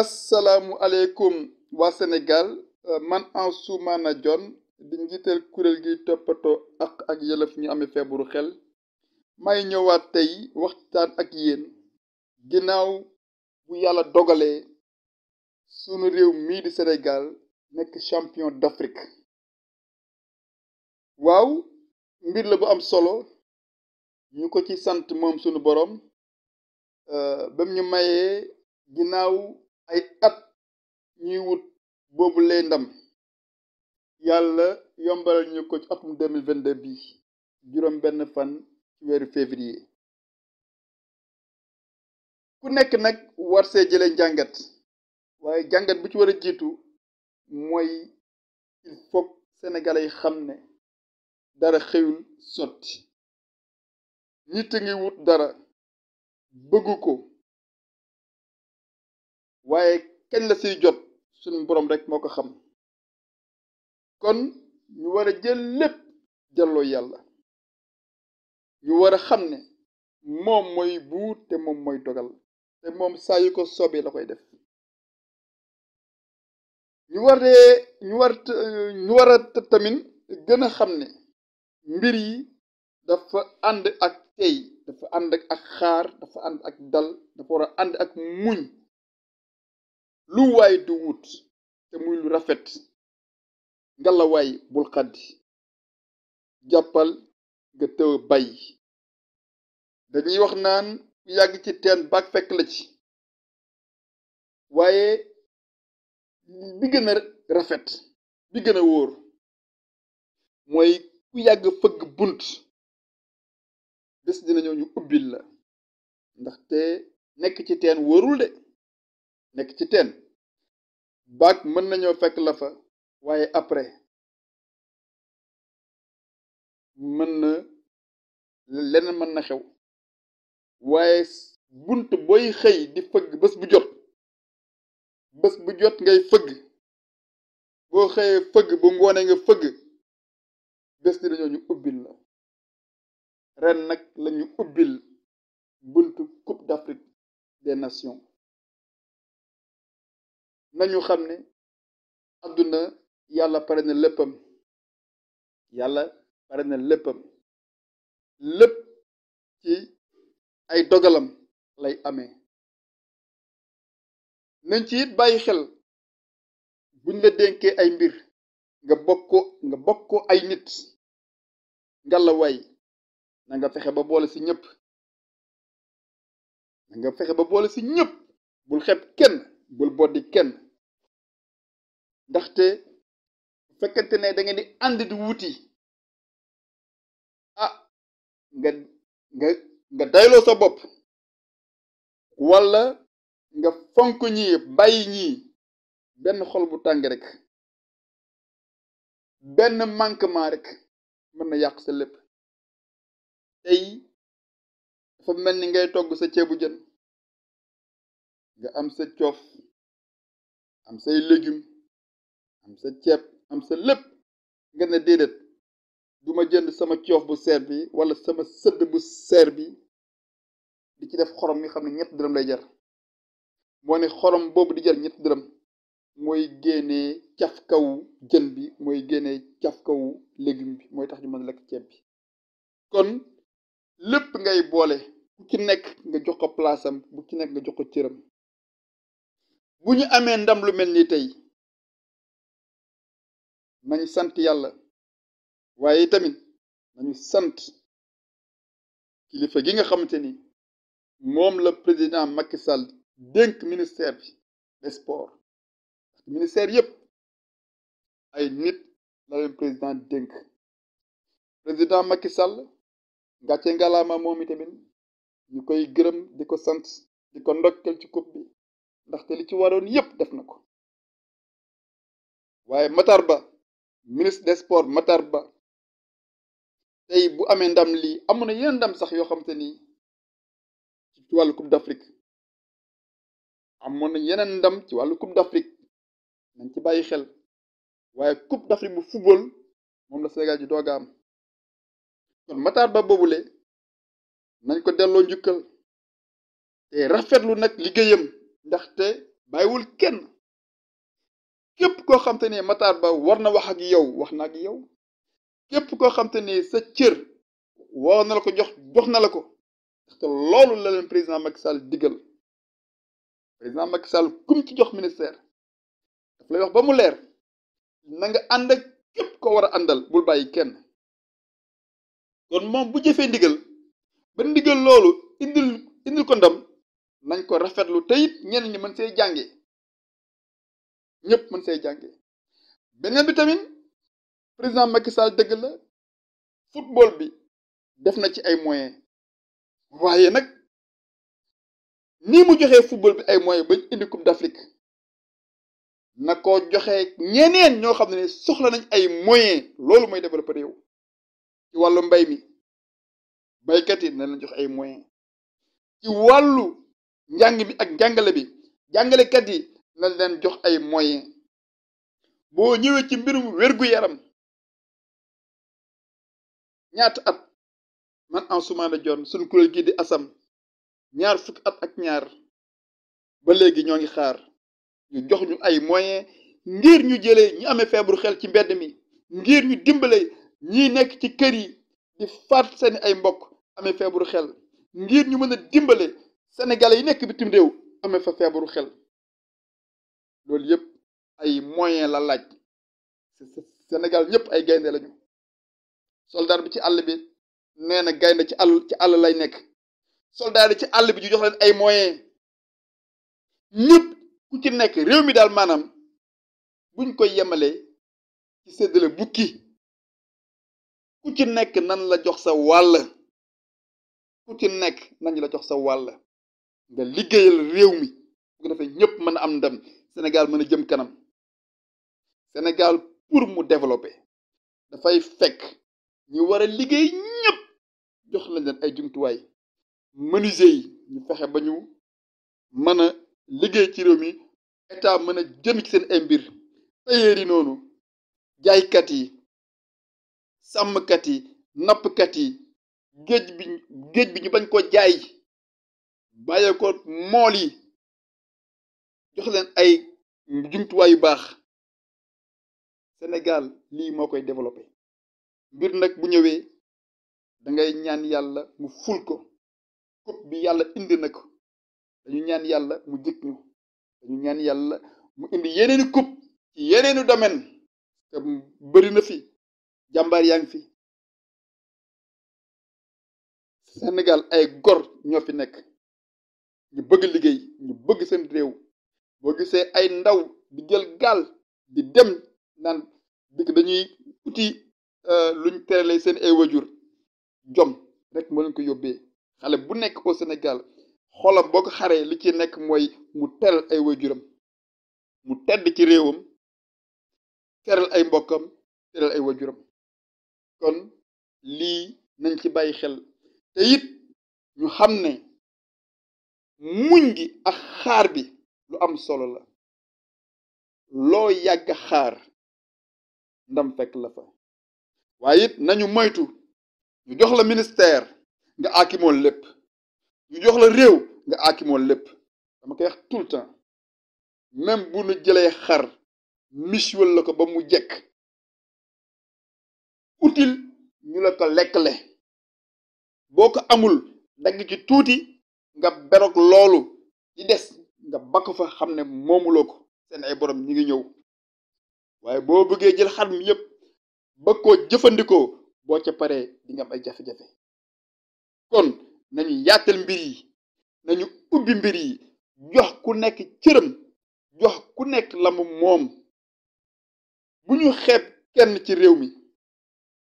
asalaamualeykum waa Sénégal euh, man Ansoumana jon di njiital kuréel gi toppatoo ak ak yelef ñu amee feebaru xel may ñëwaat tey waxtaan ak yéen ginnaaw bu yàlla dogalee sunu réew mii di Sénégal nekk champion d'Afrique waaw mbir la bu am solo ñu ko ci sant moom sunu boroom euh, ba mu ñu mayee ginnaaw ay at ñuy wut boobu lay ndam yàlla yombalal ñu ko ci atum 2022 bi juróom benn fan ci weeru février ku nekk nag war see jëlee njàngat waaye jàngat bu ci war a jiitu mooy il faut sénégalais yi xam ne dara xëyul sotti nit a ngi wut dara bëggu ko waaye kañ la siy jot suñu boroom rek moo ko xam kon ñu war a jël lépp delloo yàlla ñu war a xam ne moom mooy buur te moom mooy dogal te moom saa yu ko soobee la koy def ñu waree ñu war ñu war a tamit gën a xam ne mbir yi dafa ànd ak tey dafa ànd ak xaar dafa ànd ak dal dafa war a ànd ak muñ lu waay du wut te muy lu rafet ngalawaay bul xaddi jàppal nga tëw bay dañuy wax naan ku yàgg ci teen baag fekk la ci waaye bi gën a rafet bi gën a wóor mooy ku yàgg fëgg bunt bés dina ñëw ñu ubbil la ndaxte nekk ci teen wóorul de nekk ci teen baag mën nañoo fekk la fa waaye après mën na leneen mën na xew waaye bunt booy xëy di fëgg bés bu jot bés bu jot ngay fëgg boo xëyee fëgg bu ngoonee nga fëgg bés ni dañoo ñu ubbil la ren nag lañu ubbil buntu Coupe d'Afrique des Nations nañu xam ne àdduna yàlla pare na léppam yàlla pare na léppam lépp ci ay dogalam lay ame nañ ci it bàyyi xel buñ la dénkee ay mbir nga bokko nga bokko ay nit ngalawaay na nga fexe ba boole ci ñëpp na nga fexe ba boole ci ñëpp bul xeeb kenn bul boddi kenn ndaxte bu fekkente ne da ngeen di ànd di wuti ah nga nga nga dayloo sa bopp walla nga fonk ñii bàyyi ñii benn xol bu tàng rek benn manquement rek mën na yàq sa lépp tey dafa mel ni ngay togg sa ceebu jën nga am sa coof am say légum am sa ceeb am sa lépp nga ne déedéet du ma jënd sama coof bu seer bi wala sama sëdd bu seer bi di ci def xorom mi xam ne ñett dërëm lay jar moo ne xorom boobu di jar ñett dërëm mooy génnee caf kaw jën bi mooy génne caf kaw légume bi mooy tax ñu mën lekk ceeb bi kon lépp ngay boole ku ci nekk nga jox ko palaasam bu ci nekk nga jox ko cëram bu ñu amee ndam lu mel nii tey nañu sant yàlla waaye tamit nañu sant kilifa gi nga xamante ni moom la président Macky Sall dénk ministère bi des sports ministère yépp ay nit la leen président dénk président Macky Sall ngàcce ngalaama moom itamit ñu koy gërëm di ko sant di ko ndokkel ci coupe bi li ci waroon yépp def na ko waaye matarba ministre des sports Matar Ba tey bu amee ndam lii amoon na yeneen ndam sax yoo xam te ni ci wàllu coupe d'Afrique amoon na yeneen ndam ci wàllu coupe d'Afrique nañ ci bàyyi xel waaye coupe d'Afrique bu football moom la Sénégal ji doog a am kon Matar Ba boobule nañ ko delloo njukkal te rafetlu nag liggéeyam ndaxte bàyyiwul kenn. képp koo xam te ne Matar Ba war na wax ak yow wax na ak yow képp koo xam te ne sa cër woo na la ko jox jox na la ko te loolu la leen président Macky Sall digal président Macky Sall kum ci jox ministère daf lay wax ba mu leer na nga ànd ak képp ko war a àndal bul bàyyi kenn kon moom bu jëfee ndigal ba ndigal loolu indil indil ko ndam nañ ko rafetlu te it ñenn ñi mën see jàngee. ñëpp mën say jànge beneen bi tamit président Macky Sall dëgg la football bi def na ci ay moyens waaye nag ni mu joxee football bi ay moyens bañ indi coupe d'Afrique na ko joxee ñeneen ñoo xam ne soxla nañ ay moyens loolu mooy développer réew ci wàllu mbay mi baykat yi na leen jox ay moyens ci wàllu njàng bi ak njàngale bi jàngalekat yi la leen jox ay moyens boo ñëwee ci mbirum wér-gu-yaram ñaata at man Ansoumana Dione suñ kuréel gii di asam ñaar fukk at ak ñaar ba léegi ñoo ngi xaar ñu jox ñu ay moyens ngir ñu jëlee ñu amee feebaru xel ci mbedd mi ngir ñu dimbale ñiy nekk ci kër yi di faat seeni ay mbokk amee feebaru xel ngir ñu mën a dimbale sénégalais yi nekk bitim réew amee fa feebaru xel loolu yëpp ay moyen la laaj Sénégal ñëpp ay gaynde lañu soldat bi ci àll bi nee na gaynde ci àll ci àll lay nekk soldat yi ci àll bi ñu jox leen ay moyen ñëpp ku ci nekk réew mi daal maanaam buñ koy yemalee ci séddale bukki ku ci nekk nan la jox sa wàll ku ci nekk nañ la jox sa wàll nga liggéeyal réew mi bu ko defee ñëpp mën a am ndam Sénégal mën a jëm kanam Sénégal pour mu développer dafay fekk ñu war a liggéey ñëpp jox lañ leen ay jumtuwaay mënuse yi ñu fexe ba ñu mën a liggéey ci réew mi état mën a jëm ci seen ay mbir tailleur yi noonu jaaykat yi sàmmkat yi nappkat yi géej bi géej bi ñu bañ ko jaay bàyyee ko mool yi jox leen ay jumtuwaay yu baax Sénégal lii moo koy développé mbir nag bu ñëwee da ngay ñaan yàlla mu ful ko coupe bi yàlla indi na ko dañu ñaan yàlla mu jëkk ñu dañu ñaan yàlla mu indi yeneeni coupe ci yeneeni domaine te bëri na fi jàmbaar yaa ngi fi senegal ay gor ñoo fi nekk ñu bëgg liggéey ñu bëgg seen réew bo gisee ay ndaw di jël gaal di dem naan dikk dañuy uti euh, luñ terale seen ay wajur jom rek moo leen ko yóbbee xale bu nekk au senegal xolam boo ko xaree li ci nekk mooy mu teral ay wajuram mu tedd ci réewam teral ay mbokkam teral ay wajuram kon lii nañ ci bàyyi xel te it ñu xam ne muñ gi ak xaar bi lu am solo la loo yàgg xaar ndam fekk la fa waaye it nañu moytu ñu jox la ministère nga akimool lépp ñu jox la réew nga akimool lépp dama koy yax tout le temps même bu nu jëlee xar misiwal la ko ba mu jekk utile ñu la ko lekkle boo ko amul dagg ci tuuti nga berog loolu di des nga bakk fa xam ne moomuloo ko seen ay boroom ñi ngi ñëw waaye boo bëggee jël xar mi yëpp bëgg koo jëfandikoo boo ca paree di nga am ay jafe-jafe kon nañu yaatal mbir yi nañu ubbi mbir yi jox ku nekk cëram jox ku nekk lamu moom bu ñu xeeb kenn ci réew mi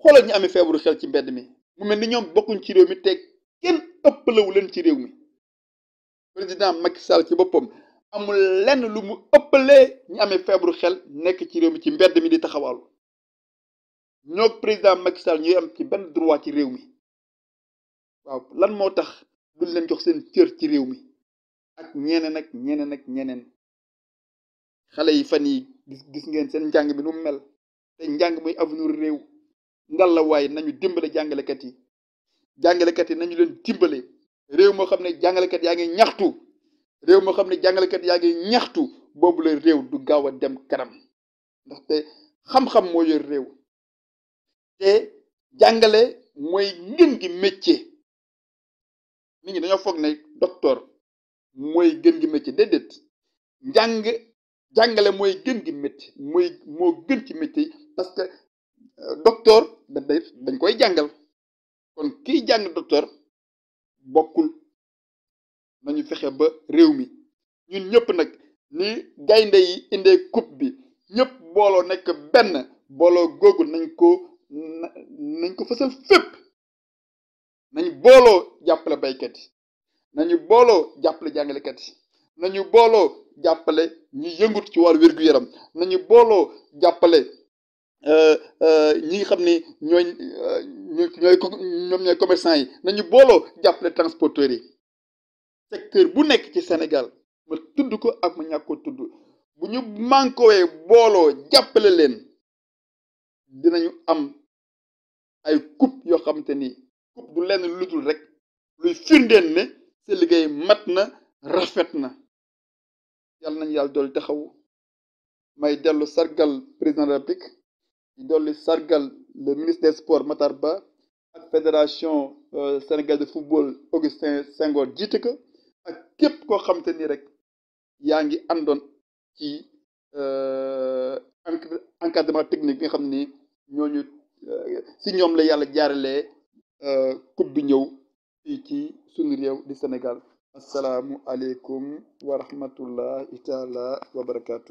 xoolal ñu ami feebaru xel ci mbedd mi mu mel ni ñoom bokkuñ ci réew mi te kenn ëppalawu leen ci réew mi président Macky Sall ci boppam amul lenn lu mu ëppalee ñu amee feebaru xel nekk ci réew mi ci mbedd mi di taxawaalu ñoo président Macky Sall ñuy am ci benn droit ci réew mi waaw lan moo tax duñ leen jox seen cër ci réew mi ak ñeneen ak ñeneen ak ñeneen xale yi fan yi gis gis ngeen seen njàng bi nu mel te njàng muy avenir réew ndal la waaye nañu dimbale jàngalekat yi jàngalekat yi nañu leen dimbale réew moo xam ne jàngalekat yaa ngi ñaxtu réew moo xam ne jàngalekat yaa ngi ñaxtu boobu la réew du gaaw a dem kanam ndaxte xam-xam moo yor réew te jàngale mooy ngën gi métier nit ñi dañoo foog ne docteur mooy gën gi métier déedéet njàng jàngale mooy gën gi métier mooy moo gën ci métier gaynde yi indee coupe bi ñëpp booloo nekk benn booloo googu nañ ko na nañ ko fësal fépp nañ booloo jàppale baykat yi nañu booloo jàppale jàngalekat yi nañu booloo jàppale ñu yëngut ci wàllu wér yaram nañu booloo jàppale euh, euh, ñi nga xam ne ñooy euh, ñooy ñoom ñooy commerçant yi nañu booloo jàppale transporteurs yi secteur bu nekk ci Sénégal ma tudd ko ak ma ñàkk tudd bu ñu mànkowee mbooloo jàppale leen dinañu am ay coupe yoo xamante ni coupe du lenn lu dul rek luy firndeen ne sa liggéey mat na rafet na yàlla nañu yàlla dool taxaw may dellu sargal président de la République di sargal le ministre des sports Matar Ba ak fédération euh, sénégalaise de football Augustin Senghor jiite ko ak képp koo xamante ni rek yaa ngi àndoon ci euh, encadrement technique bi nga xam ni ñooñu euh, si ñoom la yàlla jaaralee euh, coupe bi ñëw fii ci suñu réew di Sénégal asalaamualeykum wa rahmatullahi taala wa barakaatu.